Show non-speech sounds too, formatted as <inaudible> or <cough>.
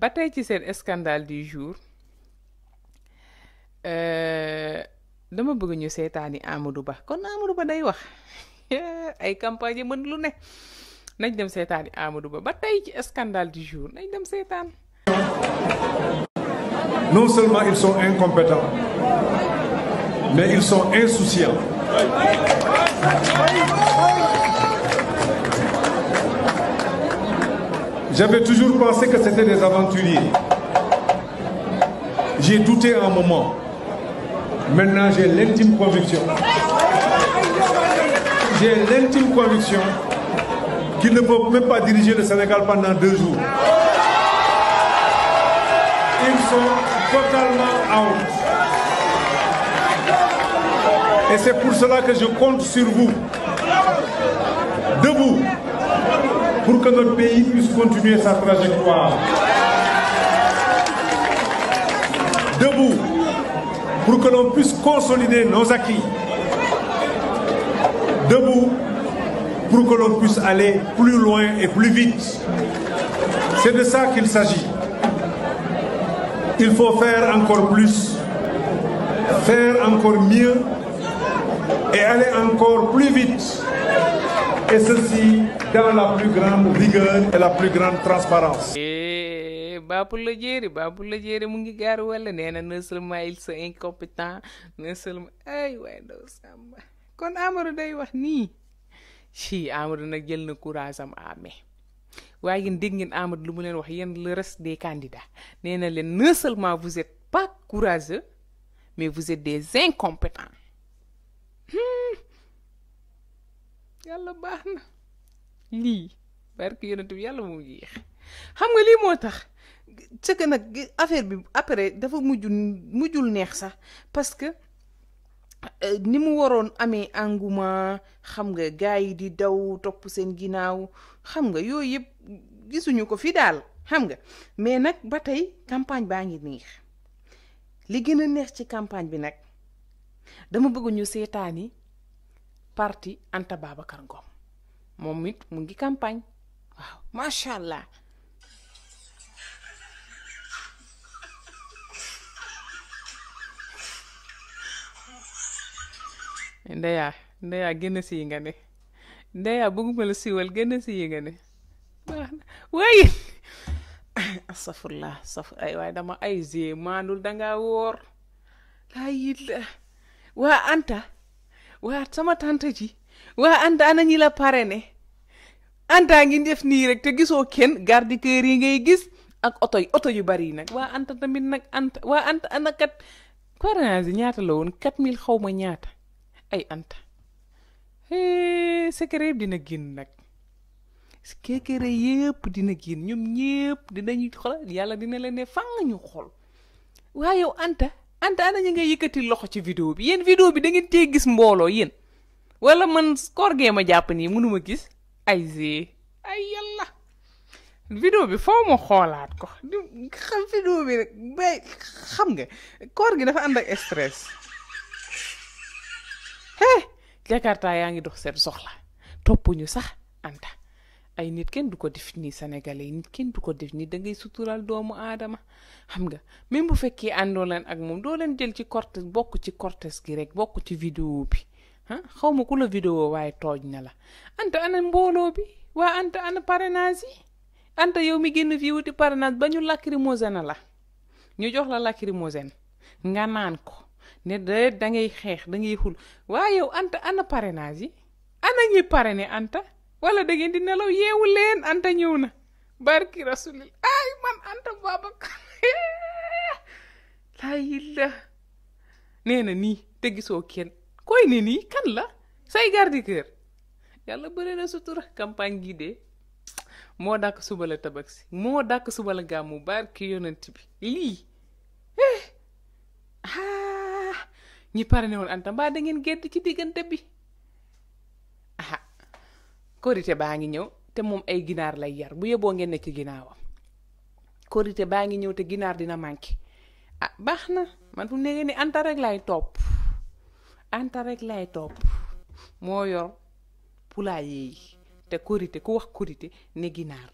ba tey ci seen scandale du jour euh, dama bëgg ñu seetaani Amadou Ba kon Amadou Ba day wax <laughs> ay campagne mën lu ne nañ dem seetaani Amadou Ba ba tey ci scandale du jour nañ dem seetaan. non seulement ils sont incompétents mais ils sont insouciants. J'avais toujours pensé que c'était des aventuriers. J'ai douté un moment. Maintenant, j'ai l'intime conviction. J'ai l'intime conviction qu'ils ne peuvent même pas diriger le Sénégal pendant deux jours. Ils sont totalement out. Et c'est pour cela que je compte sur vous. Debout pour que notre pays puisse continuer sa trajectoire. Debout, pour que l'on puisse consolider nos acquis. Debout, pour que l'on puisse aller plus loin et plus vite. C'est de ça qu'il s'agit. Il faut faire encore plus, faire encore mieux et aller encore plus vite et ceci dans la plus grande rigueur et la plus grande transparence. E, Babou Lodjeri, Babou Lodjeri mu ngi gaar wala nee na non seulement ils sont incompétents Ne seulement ay waay doo sàmm kon Amadou day wax ni, si Amadou nak jël na courage am amé. waaye yéen dégg ngeen Amadou lu mu wax le reste des candidats nee ne non seulement vous êtes pas courageux mais vous êtes des incompétents yàlla baax na lii barke yonent yàlla moo yéex xam nga lii moo tax c'est nag affaire bi après dafa mujj mujjul neex sax parce que euh, ni mu waroon amee engouement xam nga gars yi di daw topp seen ginnaaw xam nga yooyu yëpp gisuñu ko fi daal xam nga mais nag ba tey campagne baa ngi neex li gën a neex ci campagne bi nag dama bëgg ñu seetaani parti Anta Babacar Ngom momit it mu ngi campagne waaw macha allah ndeya ndeya génn si nga ne ndeya bëgguma la siwal génn si yi nga ne way astaghfirullah saf ay way dama ay zee danga wor la yit wa anta waa sama tante ji waa Anta ana ñi la parrainé Anta ngi def nii rek te gisoo kenn garde kër yi ngay gis ak oto yi oto yu bari yi nag waa Anta tamit nag Anta waa Anta ana kat parrainage yi ñaata lawoon woon quatre mille xaw ma ñaata ay Anta secret dina génn nag secret yëpp dina génn ñoom ñëpp dinañu xool yàlla dina leen ne fang ñu xool waa yow Anta anta ana ñi nga yëkëti loxo ci vidéo bi yeen vidéo bi da ngeen gis mbolo yeen wala man score ge ma japp ni mënuma gis ay zé ay yalla vidéo bi foo mo xolaat ko xam vidéo bi rek ba xam nga koor gi dafa stress hé jakarta yaangi dox seen soxla topuñu sax anta ay nit kenn du ko def nii sénégalais yi nit kenn du ko def nii da ngay suturaal doomu aadama xam nga même bu fekkee àndoo ak moom doo leen jël ci cortège bokk ci cortège gi rek bokk ci vidéo bi ah xaw ma ku la vidéo waaye tooj na la anta ana mbooloo bi waa anta ana parrainage yi anta yow mi génn fii wuti parrainage ba ñu lacrymogène la ñu jox la lacrymogène nga naan ko ne da ngay xeex da ngay xul waa yow anta anta wala da ngeen di nelaw yewu leen anta ñëw na barki rasulil ay man anta Babacar layi <laughs> la nee na nii te gisoo kenn koy ne ni kan la say gardi keur yalla beure na sutura campagne gi de mo dak suba la tabaksi mo dak suba la gamu barki yonenti bi ha eh. ah. ñi pare ne woon anta ba da ngeen gedd ci digënté bi korité baa ngi ñëw te moom ay ginaar lay yar bu yeboo ngeen ne ci ginaawam korité baa ngi ñëw te ginaar dina manqué ah baax na man fu mu nekkee ni anta rek laay topp anta rek laay topp moo yor poulailler te korité ku wax korité ne ginaar.